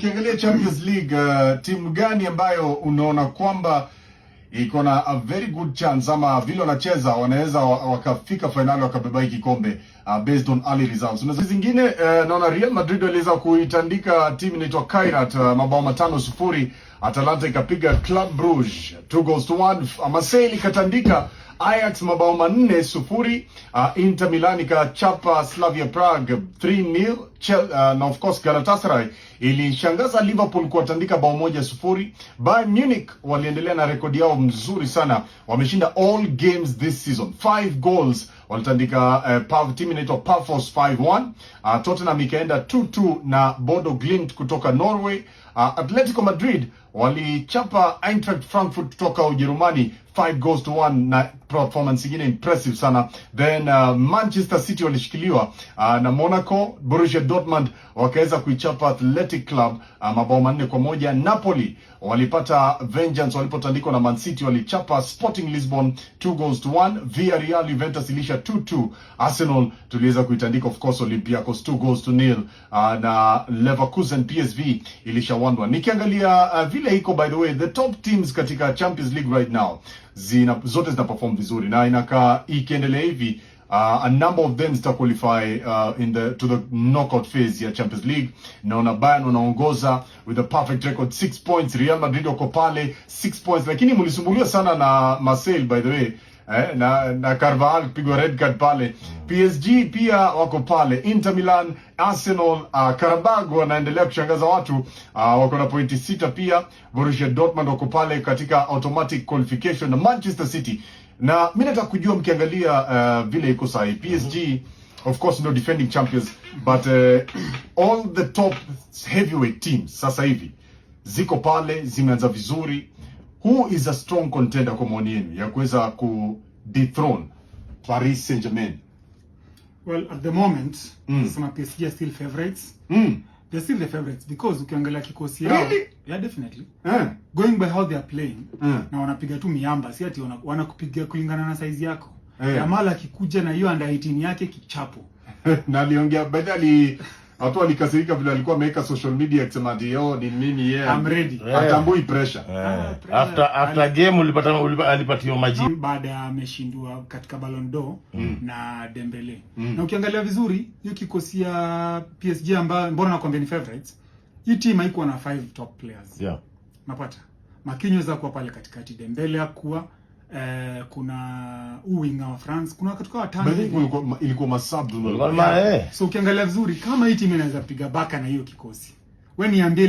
Ukiangalia Champions League uh, timu gani ambayo unaona kwamba iko na a very good chance ama vile wanacheza wanaweza wakafika fainali wakabeba hii kikombe uh, based on early results. Na zingine uh, naona Real Madrid waliweza kuitandika timu inaitwa Kairat uh, mabao matano sufuri. Atalanta ikapiga Club Brugge two goals to one. Marseille ikatandika Ajax mabao manne sufuri. Uh, Inter Milan ikachapa Slavia Prague 3-0. Uh, ah, na of course Galatasaray ilishangaza Liverpool kuwatandika bao moja sufuri. Bayern Munich waliendelea na rekodi yao mzuri sana, wameshinda all games this season, 5 goals walitandika uh, eh, timu inaitwa Pafos 51 Uh, Tottenham ikaenda 22 na Bodo Glimt kutoka Norway. Uh, Atletico Madrid walichapa Eintracht Frankfurt kutoka Ujerumani 5 goals to 1 na performance ingine impressive sana. Then uh, Manchester City walishikiliwa uh, na Monaco. Borussia Dortmund wakaweza kuichapa Athletic Club uh, mabao manne kwa moja. Napoli walipata vengeance walipotandikwa na Man City, walichapa Sporting Lisbon 2 goals to 1. Villarreal Juventus ilisha 2-2. Arsenal tuliweza kuitandika of course Olympiacos 2 goals to nil, uh, na Leverkusen PSV ilishawandwa. Nikiangalia uh, vile iko by the way the top teams katika Champions League right now zina, zote zina perform vizuri na inakaa ikiendelea hivi Uh, a number of them zita qualify uh, in the to the knockout phase ya Champions League. Naona Bayern wanaongoza with a perfect record 6 points. Real Madrid wako pale 6 points, lakini mlisumbuliwa sana na Marseille by the way eh, na na Carval pigwa red card pale. PSG pia wako pale, Inter Milan, Arsenal, uh, ah, Karabago wanaendelea kushangaza watu uh, wako na pointi sita. Pia Borussia Dortmund wako pale katika automatic qualification na Manchester City, na mi nataka kujua mkiangalia uh, vile iko sahi PSG Of course no defending champions but uh, all the top heavyweight teams sasa hivi ziko pale, zimeanza vizuri who is a strong contender kwa maoni yenu ya kuweza ku dethrone Paris Saint-Germain? Well, at the moment mm. nasema PSG are still favorites mm. they're still the favorites because ukiangalia kikosi yao really? yeah definitely yeah. going by how they are playing yeah. na wanapiga tu miamba, si ati wanakupiga wana kulingana na size yako yeah. Yamal akikuja na hiyo under 18 yake kichapo na aliongea badala Watu walikasirika vile alikuwa ameweka social media akisema ati yo ni nini yeye. Yeah. I'm ready. Yeah. Atambui pressure. Yeah. Ah, after after game ulipata ulipa, alipatiwa majibu baada ya ameshindwa katika Ballon d'Or mm. na Dembele. Mm. Na ukiangalia vizuri hiyo kikosi ya PSG ambayo mbona nakwambia ni favorites. Hii team haikuwa na five top players. Yeah. Napata. Makinyo za kuwa pale katikati Dembele hakuwa Eh, kuna Uwinga wa France, kuna wakati kwa watano ilikuwa ilikuwa masabdu. Eh. So ukiangalia vizuri kama hii timu inaweza piga baka na hiyo kikosi, wewe niambie